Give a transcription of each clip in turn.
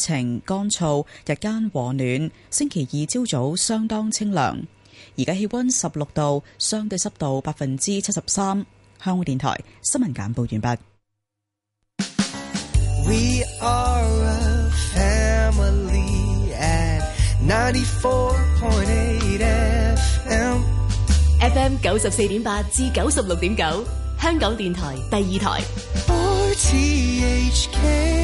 晴，乾燥，日間和暖。星期二朝早相當清涼。而家氣溫十六度，相對濕度百分之七十三。香港電台新聞簡報完畢。We are a family at 94.8 FM. F M 九十四點八至九十六點九，香港電台第二台。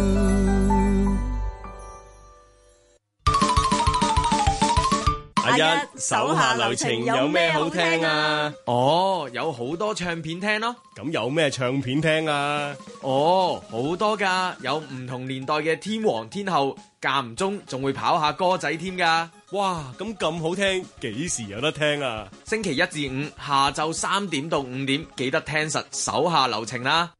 一手下留情有咩好聽啊？哦，有好多唱片聽咯。咁有咩唱片聽啊？哦，好多噶，有唔同年代嘅天王天后，間唔中仲會跑下歌仔添噶。哇，咁咁好聽，幾時有得聽啊？星期一至五下晝三點到五點，記得聽實手下留情啦。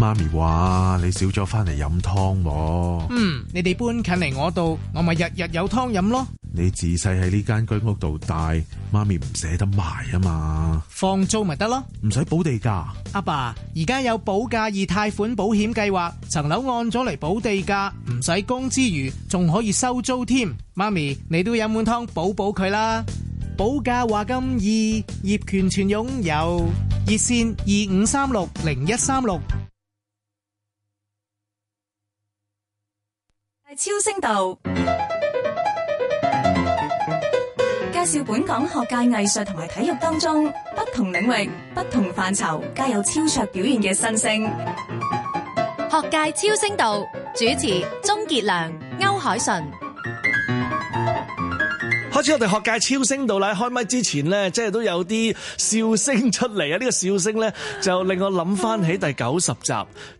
媽咪話：你少咗翻嚟飲湯。嗯，你哋搬近嚟我度，我咪日日有湯飲咯。你自細喺呢間居屋度大，媽咪唔捨得賣啊嘛。放租咪得咯，唔使補地價。阿爸，爸，而家有保價二貸款保險計劃，層樓按咗嚟補地價，唔使供之餘，仲可以收租添。媽咪，你都飲碗湯補補佢啦。保價話咁易，業權全擁有，熱線二五三六零一三六。超星道介紹本港學界、藝術同埋體育當中不同領域、不同範疇皆有超卓表現嘅新星。學界超星道主持：鍾傑良、歐鎧淳。我知我哋學界超聲道啦，開咪之前咧，即係都有啲笑聲出嚟啊。呢、這個笑聲咧，就令我諗翻起第九十集，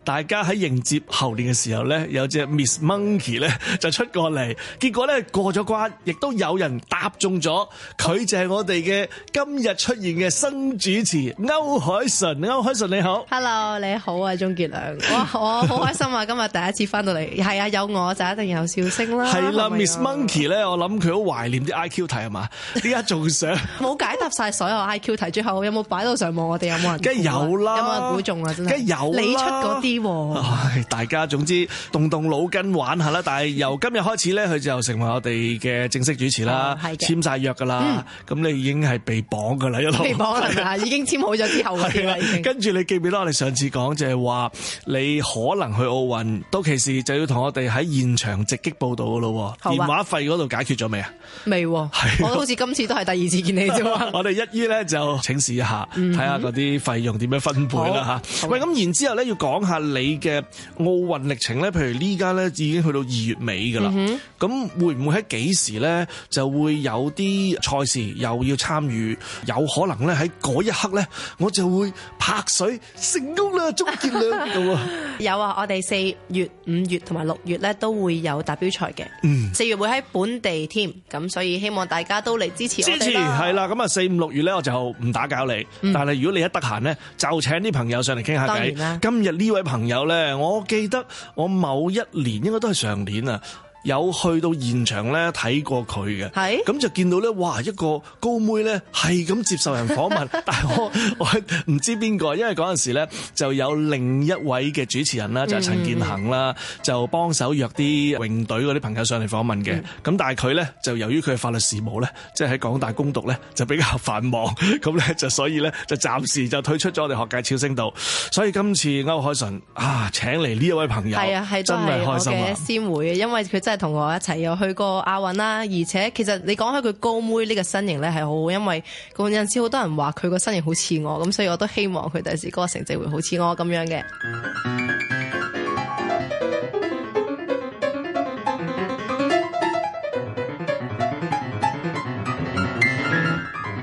大家喺迎接猴年嘅時候咧，有隻 Miss Monkey 咧就出過嚟，結果咧過咗關，亦都有人答中咗，佢就係我哋嘅今日出現嘅新主持歐鎧淳。歐鎧淳你好，Hello 你好啊，鍾傑良，哇我好開心啊，今日第一次翻到嚟，係 啊有我就一定有笑聲啦。係啦、啊、，Miss Monkey 咧，我諗佢好懷念啲 Q 題係嘛？依家仲想冇解答晒所有 I Q 題，最後有冇擺到上網？我哋有冇人估？梗係有啦，有冇人估中啊？真係梗係有，你出嗰啲，大家總之動動腦筋玩下啦。但係由今日開始咧，佢就成為我哋嘅正式主持啦，簽晒約噶啦。咁你已經係被綁噶啦，一路被綁啦吓，已經簽好咗之後。跟住你記唔記得我哋上次講就係話，你可能去奧運，到期時就要同我哋喺現場直擊報道噶咯。電話費嗰度解決咗未啊？未喎。哦、的我好似今次都係第二次見你啫嘛。 我哋一於咧就請示一下，睇下嗰啲費用點樣分配啦吓。哦、喂，咁然之後咧要講下你嘅奧運歷程咧，譬如呢家咧已經去到二月尾噶啦。咁、嗯、哼會唔會喺幾時咧就會有啲賽事又要參與？有可能咧喺嗰一刻咧，我就會拍水成功啦，終結兩嘅 有啊，我哋四月、五月同埋六月咧都會有達標賽嘅。嗯、四月會喺本地添，咁所以。希望大家都嚟支持我哋。支持係啦，咁啊四五六月咧，我就唔打攪你。嗯、但係如果你一得閒咧，就請啲朋友上嚟傾下偈。今日呢位朋友咧，我記得我某一年應該都係上年啊。有去到現場咧睇過佢嘅，咁是就見到咧，哇一個高妹咧係咁接受人訪問， 但係我我唔知邊個，因為嗰陣時咧就有另一位嘅主持人啦，就係、陳建恒啦，嗯、就幫手約啲泳隊嗰啲朋友上嚟訪問嘅。咁、嗯、但係佢咧就由於佢嘅法律事務咧，即係喺港大攻讀咧就比較繁忙，咁咧就所以咧就暫時就退出咗我哋學界超聲度。所以今次歐鎧淳啊請嚟呢一位朋友，係啊係真係開心啊！先會因為佢即係同我一齊又去過亞運啦，而且其實你講開佢高妹呢個身形咧係好，因為嗰陣時好多人話佢個身形好似我，咁所以我都希望佢第時嗰個成績會好似我咁樣嘅。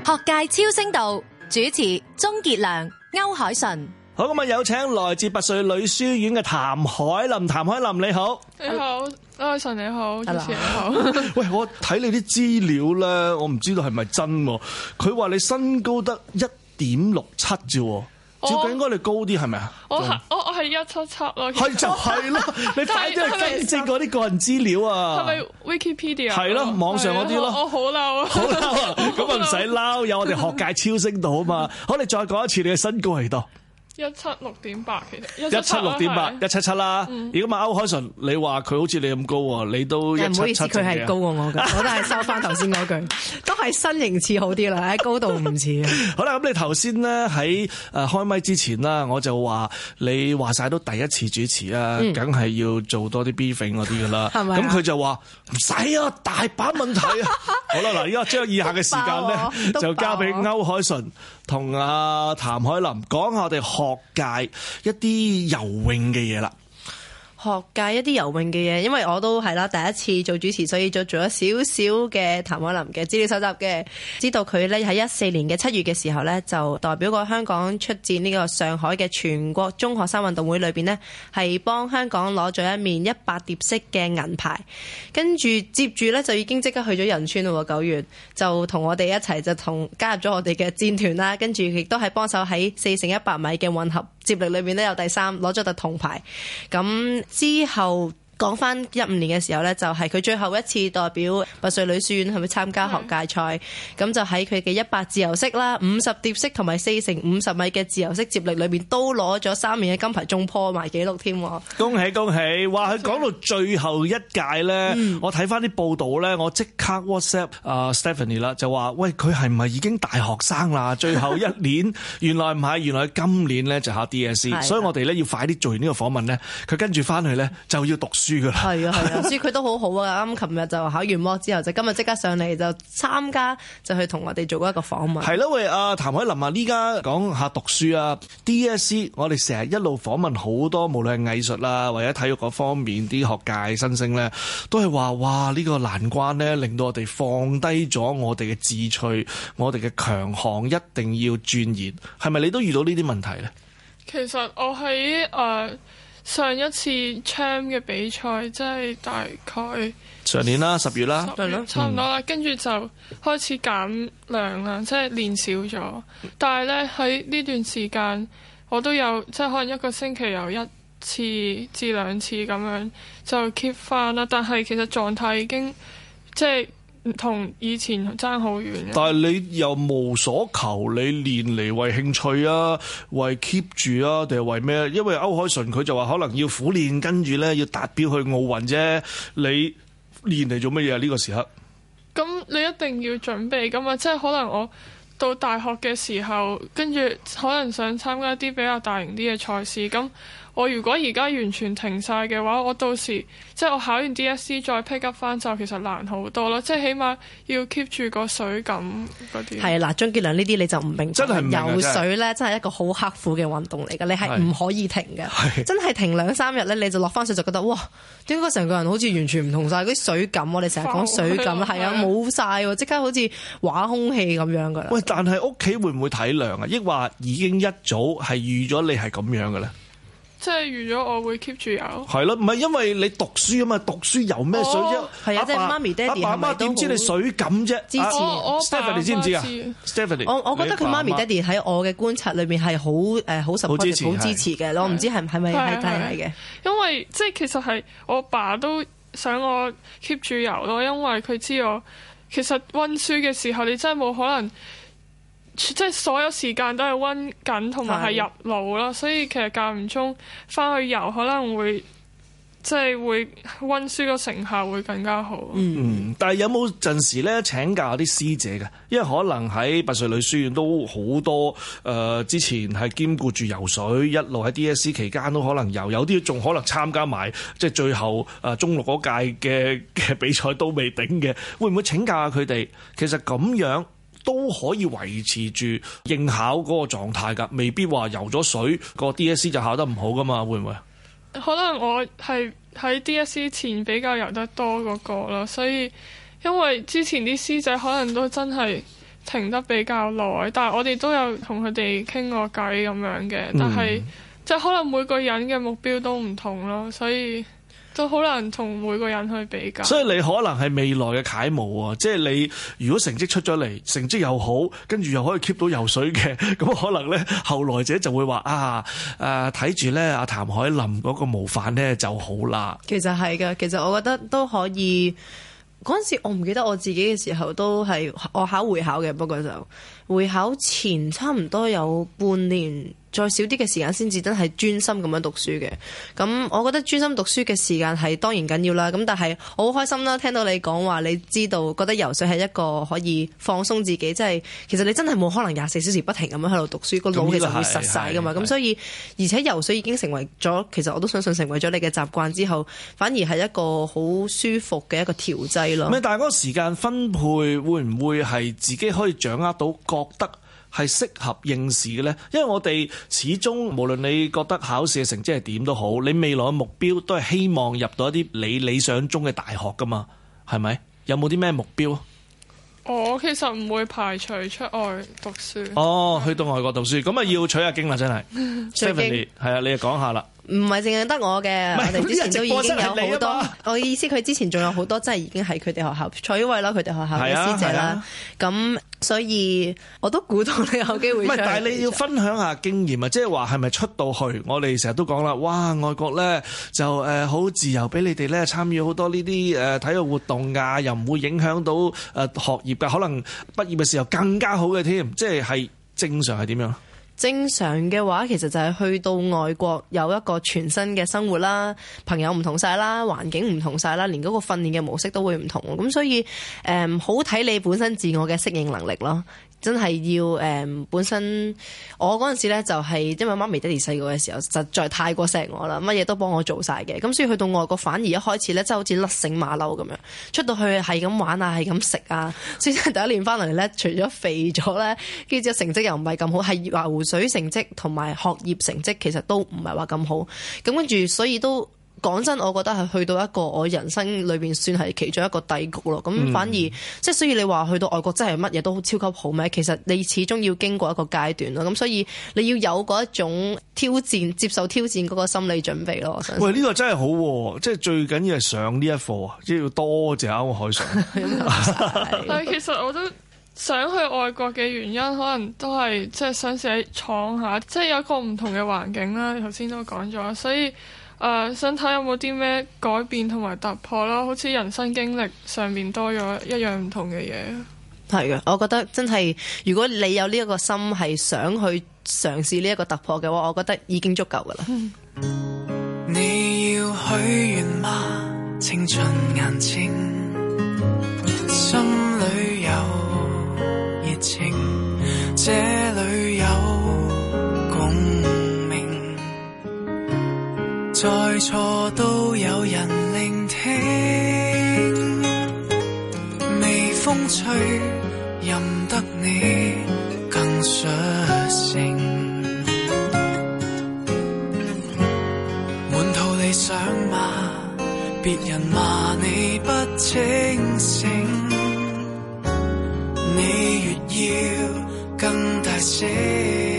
學界超聲道主持鍾傑良、歐鎧淳。好，咁日有請來自拔萃女書院嘅譚凱琳。譚凱琳，你好，你好，阿淳你好，主持你好。喂，我睇你啲資料咧，我唔知道係咪真。佢話你身高得一點六七啫，照計應該你高啲係咪啊？我我我係一七七咯，係就係咯。你睇啲係真正嗰啲個人資料啊？係咪 Wikipedia？係咯，網上嗰啲咯。我好嬲啊！好嬲啊！咁啊唔使嬲，有我哋學界超星到啊嘛。好，你再講一次你嘅身高係多？一七六點八，8，其實一七六點八，一七七啦。如果問歐鎧淳，你話佢好似你咁高喎，你都一七七。唔好意思，佢係高過我嘅。 我都係收翻頭先嗰句，都係身形似好啲啦， 高度唔似。 好啦，咁你頭先咧喺誒開咪之前啦，我就話你話晒都第一次主持啊，梗係、嗯、要做多啲 briefing 嗰啲噶啦。咁佢、 啊、就話唔使啊，大把問題啊。 好啦，嗱，而家將以下嘅時間咧，就交俾歐鎧淳。同阿譚凱琳講下我哋學界一啲游泳嘅嘢啦。學界一啲游泳嘅嘢，因為我都係啦，第一次做主持，所以就做咗少少嘅譚凱琳嘅資料搜集嘅，知道佢咧喺一四年嘅七月嘅時候呢就代表過香港出戰呢個上海嘅全國中學生運動會裏邊呢係幫香港攞咗一面一百蝶式嘅銀牌，跟住接住呢，就已經即刻去咗仁川啦，九月就同我哋一齊就同加入咗我哋嘅戰團啦，跟住亦都係幫手喺四乘一百米嘅混合接力裏面咧有第三攞咗特銅牌，咁之後。講翻一五年嘅時候呢就係、是、佢最後一次代表拔萃女書院係咪參加學界賽？咁、嗯、就喺佢嘅一百自由式啦、五十蝶式同埋四乘五十米嘅自由式接力裏面，都攞咗三面嘅金牌，中破埋紀錄添。恭喜恭喜！話佢講到最後一屆呢、嗯，我睇翻啲報道呢，我即刻 WhatsApp 阿 Stephanie 啦，就話：喂，佢係唔係已經大學生啦？最後一年， 原來唔係，原來今年呢就考 DSE 的所以我哋呢要快啲做完呢個訪問呢，佢跟住翻去呢，就要讀書。係啊係啊，所以佢都好好啊！啱琴日就考完模之後，就今日即刻上嚟就參加，就去同我哋做過一個訪問。係咯， 喂，阿譚凱琳啊！呢家講下讀書啊，DSE 我哋成日一路訪問好多，無論係藝術啦或者體育嗰方面啲學界新星咧，都係話哇呢個難關咧，令到我哋放低咗我哋嘅志趣，我哋嘅強項，一定要鑽研。係咪你都遇到呢啲問題咧？其實我喺誒。Uh 上一次 Champ 嘅比賽，即係大概上年啦，十,十月啦，係啦，差唔多啦，跟住、嗯、就開始減量啦，即係練少咗。但係呢，喺呢段時間，我都有即係可能一個星期有一次至兩次咁樣就 keep 返啦。但係其實狀態已經即係。同以前爭好遠，但係你又無所求，你練嚟為興趣啊，為 keep 住啊，定係為咩？因為歐鎧淳佢就話可能要苦練，跟住呢要達標去奧運啫。你練嚟做乜嘢啊？呢個時刻咁、嗯、你一定要準備噶嘛？即係可能我到大學嘅時候，跟住可能想參加一啲比較大型啲嘅賽事咁。我如果而家完全停晒嘅話，我到時即係我考完 D.S.C. 再 pick up 翻就，其實難好多啦。即係起碼要 keep 住個水感啲。係啦，鍾傑良呢啲你就唔明真係唔明游水咧，真係一個好刻苦嘅運動嚟噶。你係唔可以停嘅，是真係停兩三日咧，你就落翻水就覺得哇，點解成個人好似完全唔同晒？嗰啲水，水感？我哋成日講水感係啊，冇晒喎，即刻好似玩空氣咁樣噶。喂，但係屋企會唔會體諒啊？抑或已經一早係預咗你係咁樣嘅咧？即係預咗我會 keep 住游。係咯，唔係因為你讀書啊嘛，讀書游咩水啫？係啊，即係媽咪、爹哋，阿爸、阿媽點知你水感啫？支持，Stephanie 知唔知啊？Stephanie，我我覺得佢媽咪、爹哋喺我嘅觀察裏面係好誒，好 support，好支持嘅。我唔知係係咪係真係嘅？因為即係其實係我爸都想我 keep 住游咯，因為佢知我其實溫書嘅時候你真係冇可能。即係所有時間都係溫緊，同埋係入腦啦。所以其實間唔中翻去游可能會，即係會溫書個成效會更加好。嗯，但係有冇陣時咧，請教啲師姐嘅？因為可能喺拔萃女書院都好多，誒、呃，之前係兼顧住游水，一路喺 D S C 期間都可能游，有啲仲可能參加埋即係最後誒中六嗰屆嘅嘅比賽都未頂嘅。會唔會請教下佢哋？其實咁樣。都可以維持住應考嗰個狀態㗎，未必話游咗水個 DSC 就考得唔好噶嘛？會唔會？可能我係喺 DSC 前比較游得多嗰個啦，所以因為之前啲師仔可能都真係停得比較耐，但係我哋都有同佢哋傾過偈咁樣嘅，但係即係可能每個人嘅目標都唔同咯，所以。都好難同每個人去比較，所以你可能係未來嘅楷模啊！即係你如果成績出咗嚟，成績又好，跟住又可以 keep 到游水嘅，咁可能呢後來者就會話啊誒，睇住呢，阿譚凱琳嗰個模範呢就好啦。其實係噶，其實我覺得都可以。嗰陣時我唔記得我自己嘅時候都係我考會考嘅，不過就。會考前差唔多有半年，再少啲嘅時間先至真係專心咁樣讀書嘅。咁我覺得專心讀書嘅時間係當然緊要啦。咁但係我好開心啦，聽到你講話，你知道覺得游水係一個可以放鬆自己，即係其實你真係冇可能廿四小時不停咁樣喺度讀書，個腦其實會實晒㗎嘛。咁所以而且游水已經成為咗，其實我都相信成為咗你嘅習慣之後，反而係一個好舒服嘅一個調劑咯。但係嗰個時間分配會唔會係自己可以掌握到？覺得係適合應試嘅咧，因為我哋始終無論你覺得考試嘅成績係點都好，你未來嘅目標都係希望入到一啲你理想中嘅大學噶嘛，係咪？有冇啲咩目標啊？我其實唔會排除出外讀書，哦，是去到外國讀書，咁啊要取下經啦，真係。Stephanie，係啊，你就講下啦。唔係淨係得我嘅，是我哋之前都已經有好多。我意思佢之前仲有好多，真係已經喺佢哋學校 坐位啦，佢哋學校嘅師姐啦。咁、啊啊、所以，我都估到你有機會，但係你要分享下經驗啊，即係話係咪出到去？我哋成日都講啦，哇！外國咧就誒好、呃、自由，俾你哋咧參與好多呢啲誒體育活動㗎、啊，又唔會影響到誒、呃、學業㗎。可能畢業嘅時候更加好嘅添，即係係正常係點樣？正常嘅話，其實就係去到外國有一個全新嘅生活啦，朋友唔同晒啦，環境唔同晒啦，連嗰個訓練嘅模式都會唔同，咁所以誒、嗯、好睇你本身自我嘅適應能力咯。真係要誒、嗯，本身我嗰陣時咧就係、是、因為媽咪爹哋細個嘅時候實在太過錫我啦，乜嘢都幫我做晒嘅，咁所以去到外國反而一開始呢，真係好似甩繩馬騮咁樣出到去係咁玩啊，係咁食啊，所以第一年翻嚟呢，除咗肥咗呢，跟住只成績又唔係咁好，係話游水成績同埋學業成績其實都唔係話咁好，咁跟住所以都。講真，我覺得係去到一個我人生裏邊算係其中一個低谷咯。咁反而即係，所以你話去到外國真係乜嘢都超級好咩？其實你始終要經過一個階段咯。咁所以你要有嗰一種挑戰、接受挑戰嗰個心理準備咯。我喂，呢個真係好喎！即係最緊要係上呢一課啊，即係要，要多謝歐鎧淳。但係其實我都想去外國嘅原因，可能都係即係想試下闖下，即係有一個唔同嘅環境啦。頭先都講咗，所以。誒，想睇，uh, 有冇啲咩改變同埋突破啦？好似人生經歷上面多咗一樣唔同嘅嘢。係嘅，我覺得真係，如果你有呢一個心係想去嘗試呢一個突破嘅話，我覺得已經足夠噶啦。嗯、你要許願嗎？青春眼睛，心裏有熱情。再錯都有人聆聽，微風吹，任得你更率性。滿肚理想嘛，別人罵你不清醒，你越要更大聲。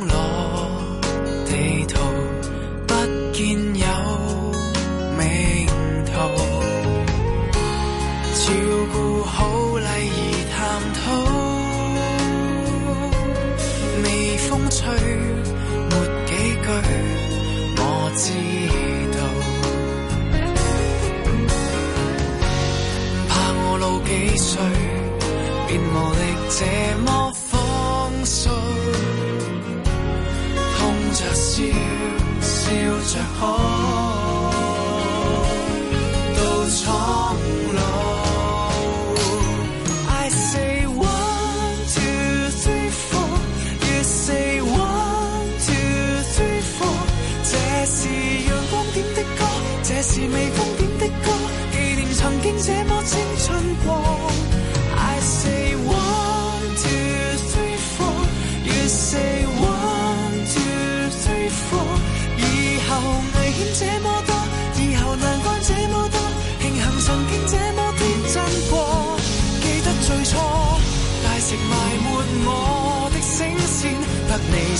這麼風騷，痛着笑，笑着哭。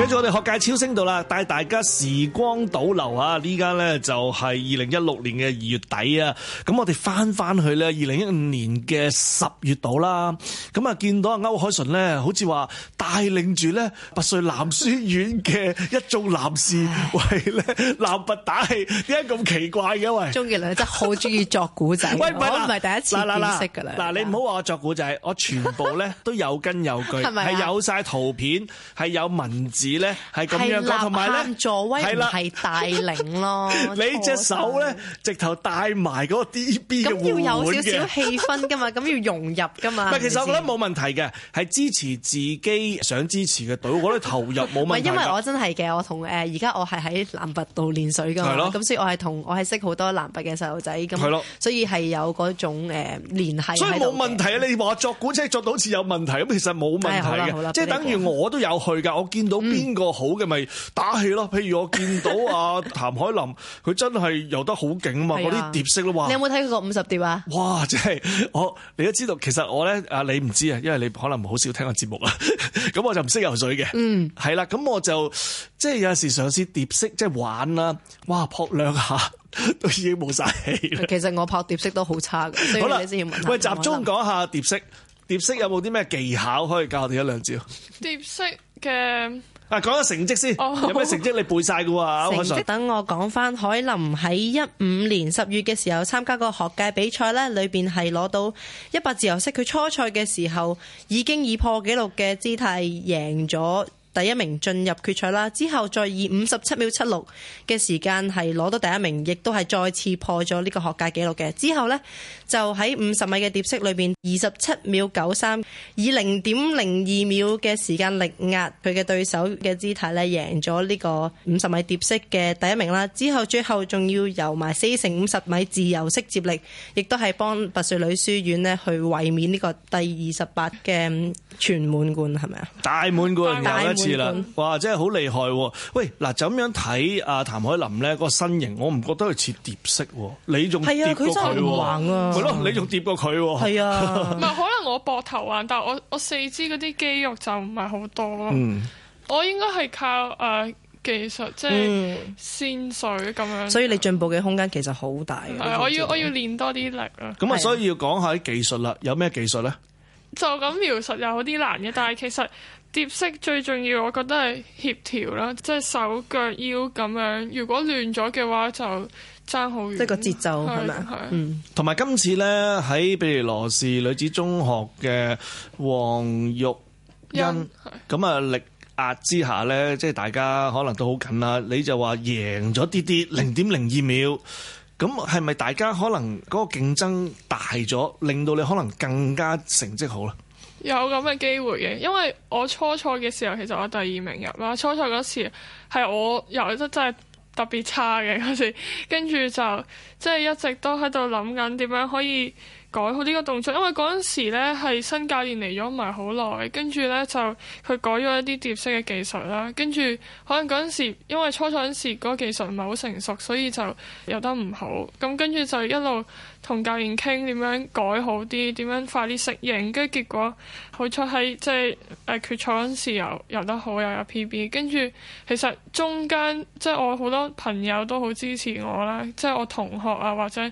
跟住我哋學界超聲道啦，帶大家時光倒流啊！而家咧就係二零一六年嘅二月底啊，咁我哋返返去咧二零一五年嘅十月度啦。咁啊見到阿歐鎧淳咧，好似話帶領住咧拔萃男書院嘅一眾男士，唉喂咧男拔打氣，點解咁奇怪嘅？ 喂？鍾傑良真係好鍾意作古仔，喂唔係第一次啦啦啦見識噶啦。嗱你唔好話我作古仔， 我全部咧都有根有據，係咪係有晒圖片，係有文字。咧係咁樣講，同埋咧助威，係帶領咯。你隻手咧直頭帶埋嗰個 DB 嘅護腕嘅。咁要有少少氣氛噶嘛，咁要融入噶嘛。唔係，其實我覺得冇問題嘅，係支持自己想支持嘅隊。我覺得投入冇問題。唔係因為我真係嘅，我同誒而家我係喺男拔度練水噶，咁所以我係同我係識好多男拔嘅細路仔咁，所以係有嗰種誒聯繫。所以冇問題啊！你話作鼓即係作到好似有問題，咁其實冇問題嘅，即係等於我都有去噶，我見到。邊個好嘅咪打氣咯。譬如我見到阿譚凱琳，佢 真係游得好勁啊嘛！嗰啲蝶式咯，哇！你有冇睇佢五十蝶啊？哇！即係我你都知道，其實我咧啊，你唔知啊，因為你可能好少聽我節目啦。咁 我就唔識游水嘅，嗯，係啦。咁我就即係有陣時嘗試蝶式，即係玩啦。哇！撲兩下都已經冇晒氣。其實我拍蝶式都差好差吧嘅，好啦。喂，集中講下蝶式，蝶式有冇啲咩技巧可以教我哋一兩招？蝶式嘅。啊，講下成績先，oh. 有咩成績你背晒嘅喎，等績我講返，凱琳喺一五年十月嘅時候參加個學界比賽咧，裏邊係攞到一百自由式，佢初賽嘅時候已經以破紀錄嘅姿態贏咗。第一名進入決賽啦，之後再以五十七秒七六嘅時間係攞到第一名，亦都係再次破咗呢個學界紀錄嘅。之後呢，就喺五十米嘅蝶式裏面，二十七秒九三，以零點零二秒嘅時間力壓佢嘅對手嘅姿態咧，贏咗呢個五十米蝶式嘅第一名啦。之後最後仲要游埋四乘五十米自由式接力，亦都係幫拔萃女書院呢去衞冕呢個第二十八嘅全滿貫，係咪啊？大滿貫。是啦，哇！真係好厲害，啊。喂，嗱，就咁樣睇阿譚凱琳咧，個身形我唔覺得佢似蝶式，你仲蝶過佢？係啊，佢真係橫啊！咪咯，你仲蝶過佢？係啊，唔係，啊、 可能我膊頭橫，但係我我四肢嗰啲肌肉就唔係好多咯。嗯、我應該係靠誒、呃、技術，即係線水咁樣。嗯、所以你進步嘅空間其實好大。係、嗯，我要我要練多啲力啊。咁啊、嗯，所以要講下啲技術啦。有咩技術咧？就咁描述有啲難嘅，但係其實蝶式最重要，我覺得係協調啦，即係手腳腰咁樣。如果亂咗嘅話，就爭好遠。即係個節奏係咪？嗯，同埋今次呢，喺庇理羅士女子中學嘅黃玉欣咁啊力壓之下呢，即係大家可能都好近啦。你就話贏咗啲啲零點零二秒。嗯咁係咪大家可能嗰個競爭大咗，令到你可能更加成績好咧？有咁嘅機會嘅，因為我初賽嘅時候其實我第二名入啦，初賽嗰時係我游得真係特別差嘅嗰時，跟住就即係、就是、一直都喺度諗緊點樣可以。改好呢個動作，因為嗰陣時咧係新教練嚟咗唔係好耐，跟住咧就佢改咗一啲蝶式嘅技術啦，跟住可能嗰陣時因為初賽嗰陣時個技術唔係好成熟，所以就游得唔好，咁跟住就一路同教練傾點樣改好啲，點樣快啲適應，跟住結果好彩喺即係誒決賽嗰陣時游得好，又有 P. B.，跟住其實中間即係我好多朋友都好支持我啦，即係我同學啊或者。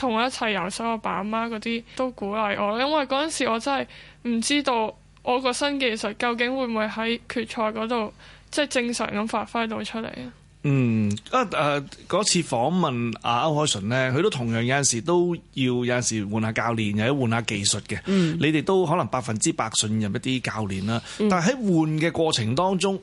同我一齊游水，所以我爸阿媽嗰啲都鼓勵我，因為嗰陣時我真係唔知道我個新技術究竟會唔會喺決賽嗰度即係正常咁發揮到出嚟啊。嗯，啊誒，嗰、呃、次訪問阿歐鎧淳呢，佢都同樣有陣時都要有陣時換下教練，或者換下技術嘅。嗯，你哋都可能百分之百信任一啲教練啦，但係喺換嘅過程當中。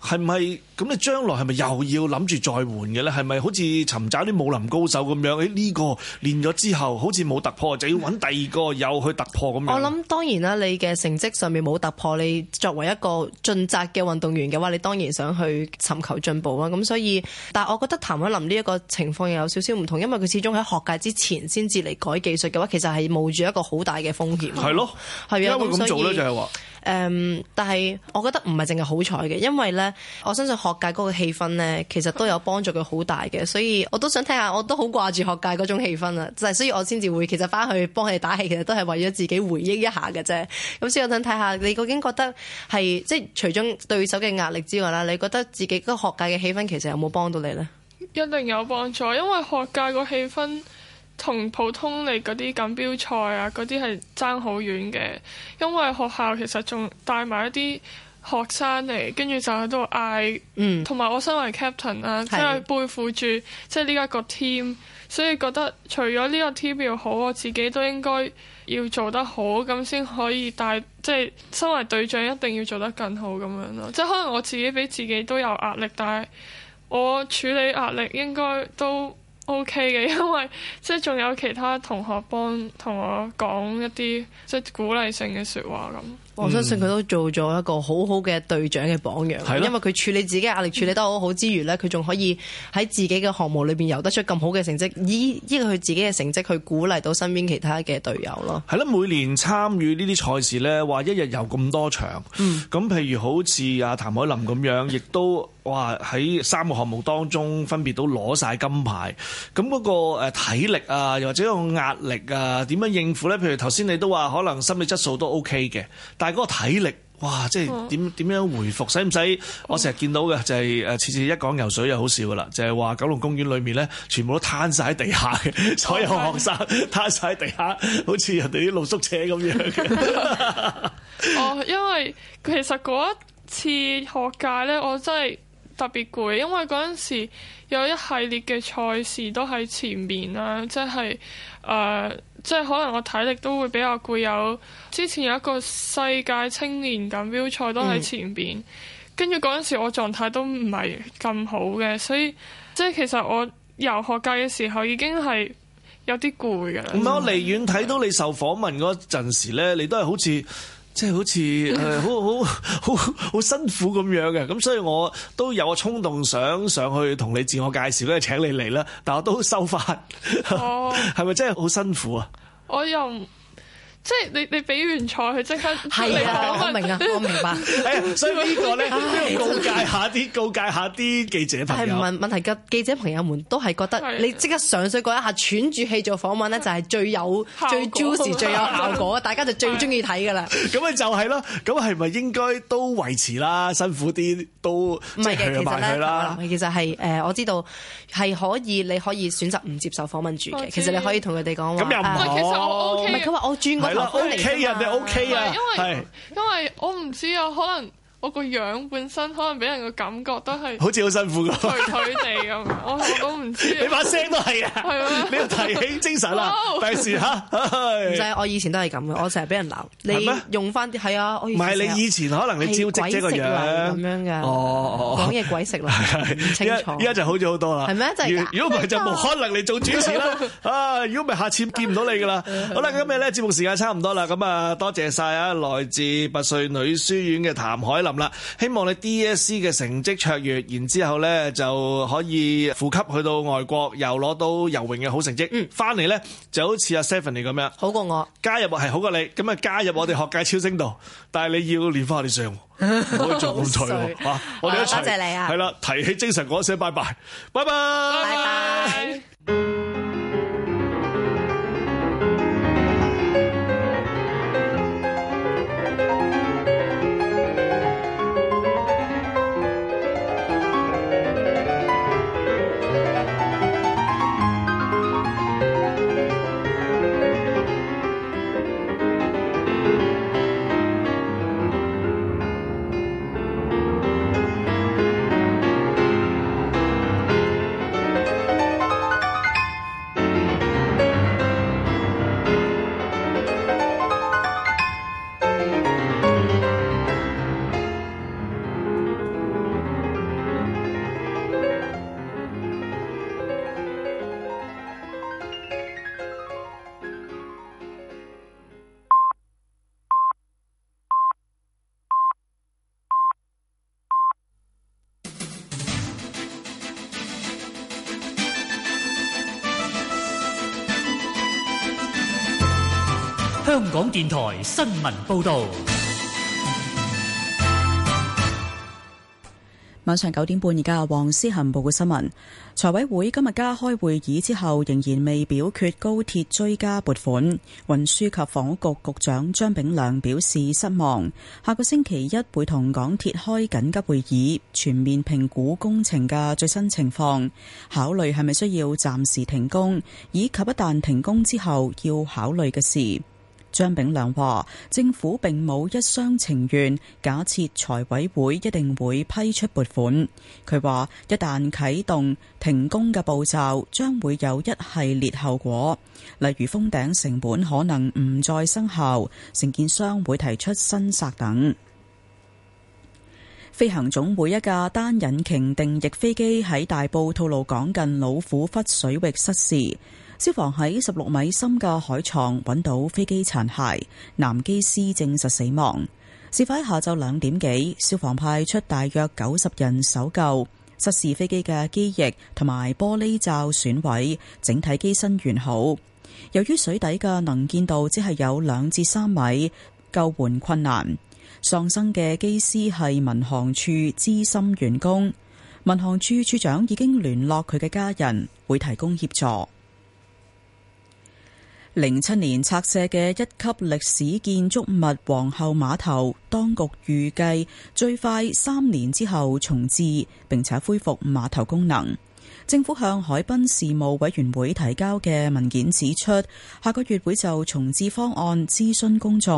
係咪咁？是，是你將來係咪又要諗住再換嘅咧？係咪好似尋找啲武林高手咁樣？喺、哎、呢、這個練咗之後，好似冇突破，就要揾第二個又去突破咁樣。我諗當然啦，你嘅成績上面冇突破，你作為一個盡責嘅運動員嘅話，你當然想去尋求進步啊。咁所以，但係我覺得譚凱琳呢一個情況又有少少唔同，因為佢始終喺學界之前先至嚟改技術嘅話，其實係冒住一個好大嘅風險。係咯、哦，係啊的，咁所以，誒、嗯，但係我覺得唔係淨係好彩嘅，因為咧。我相信學界嗰個氣氛呢，其實都有幫助佢好大嘅，所以我都想睇下，我都好掛住學界嗰種氣氛啊，就係所以我先至會，其實翻去幫佢打氣，其實都係為咗自己回憶一下嘅啫。咁先我想睇下，你究竟覺得係即係除咗對手嘅壓力之外啦，你覺得自己個學界嘅氣氛其實有冇幫到你呢？一定有幫助，因為學界個氣氛同普通你嗰啲錦標賽啊嗰啲係爭好遠嘅，因為學校其實仲帶埋一啲。學生嚟，跟住就喺度嗌，同埋、嗯、我身為 captain 啊的，即係背負住即係呢一個 team，所以覺得除咗呢個 team 要好，我自己都應該要做得好，咁先可以帶即係身為隊長一定要做得更好咁樣咯。即係可能我自己俾自己都有壓力，但係我處理壓力應該都 OK 嘅，因為即係仲有其他同學幫同我講一啲即係鼓勵性嘅説話咁。我相信佢都做咗一個好好嘅隊長嘅榜樣，的因為佢處理自己壓力處理得好好之餘咧，佢仲可以喺自己嘅項目裏邊游得出咁好嘅成績，以依佢自己嘅成績去鼓勵到身邊其他嘅隊友咯。係啦，每年參與呢啲賽事咧，話一日游咁多場，咁、嗯、譬如好似阿譚凱琳咁樣亦都。 哇！喺三個項目當中分別都攞晒金牌，咁、那、嗰個誒體力啊，又或者個壓力啊，點樣應付呢？譬如頭先你都話，可能心理質素都 O K 嘅，但係嗰個體力，哇！即係點點樣回復？使唔使我成日見到嘅就係誒次次一講游水又好笑噶啦，就係、是、話九龍公園裏面呢，全部都攤晒喺地下嘅，所有學生攤晒喺地下，好似人哋啲露宿者咁樣。 哦，因為其實嗰一次學界呢，我真係～特別攰，因為嗰陣時有一系列嘅賽事都喺前面啦，即係誒、呃，即係可能我體力都會比較攰。有之前有一個世界青年錦標賽都喺前邊，跟住嗰陣時我狀態都唔係咁好嘅，所以即係其實我遊學界嘅時候已經係有啲攰㗎。唔係、嗯、我離遠睇到你受訪問嗰陣時呢，你都係好似。即係好似誒、呃、好好好好辛苦咁樣嘅，咁所以我都有個衝動想上去同你自我介紹咧，請你嚟啦！但我都收翻，係咪我 真係好辛苦啊？我又。即係你你比完賽佢即刻係啊！我明啊，我明白。係啊，所以呢個咧都要告誡下啲告誡下啲記者朋友。係唔係問題嘅記者朋友們都係覺得你即刻上水嗰一下，喘住氣做訪問咧，就係最有最 juice 最有效果，大家就最中意睇㗎啦。咁咪就係咯，咁係咪應該都維持啦？辛苦啲都即係啦。其實係誒我知道係可以，你可以選擇唔接受訪問住嘅。其實你可以同佢哋講話。咁又唔好？唔係佢話我專。係啦、啊、，OK 啊，就 OK 啊、啊，係因，是因為我唔知啊，可能。我個樣本身可能俾人嘅感覺都係好似好辛苦咁，佢哋咁。我我唔知你把聲都係啊！你要提起精神啦，第時吓，唔使。我以前都係咁嘅，我成日俾人鬧。你用翻啲係啊！唔係你以前可能你招職即個樣咁樣嘅，講嘢鬼食啦，唔清楚。依家就好咗好多啦。係咩？如果唔係就冇可能你做主持啦。啊！如果唔係下次見唔到你噶啦。好啦，今日咧節目時間差唔多啦。咁啊，多謝晒啊，來自拔萃女書院嘅譚凱琳啦，希望你 DSE 嘅成績卓越，然之後咧就可以負笈去到外國，又攞到游泳嘅好成績。嗯，翻嚟咧就好似阿 Stephanie 你咁樣，好過我加入係好過你，咁啊加入我哋學界超聲度，但係你要練翻我哋上，唔可以做咁衰啊！ 我哋一齊多謝,謝你啊！係啦，提起精神講聲拜拜，拜拜，拜拜。電台新聞報道，晚上九點半，而家黃思恒報告新聞。財委會今日加開會議之後，仍然未表決高鐵追加撥款。運輸及房屋局局長張炳良表示失望。下個星期一會同港鐵開緊急會議，全面評估工程嘅最新情況，考慮係咪需要暫時停工，以及一旦停工之後要考慮嘅事。張炳良話：政府並冇一廂情願，假設財委會一定會批出撥款。佢話一旦啟動停工嘅步驟，將會有一系列後果，例如封頂成本可能唔再生效，承建商會提出新索等。飛行總會一架單引擎定翼飛機喺大埔吐露港近老虎窟水域失事。消防喺十六米深嘅海床搵到飛機殘骸，男機師證實死亡。事發喺下晝兩點幾，消防派出大約九十人搜救，失事飛機嘅機翼同埋玻璃罩損毀，整體機身完好。由於水底嘅能見度只係有兩至三米，救援困難。喪生嘅機師係民航處資深員工，民航處處長已經聯絡佢嘅家人，會提供協助。二零零七年拆卸嘅一級歷史建築物皇后碼頭，當局預計最快三年之後重置，並且恢復碼頭功能。政府向海濱事務委員會提交嘅文件指出，下個月會就重置方案諮詢公眾。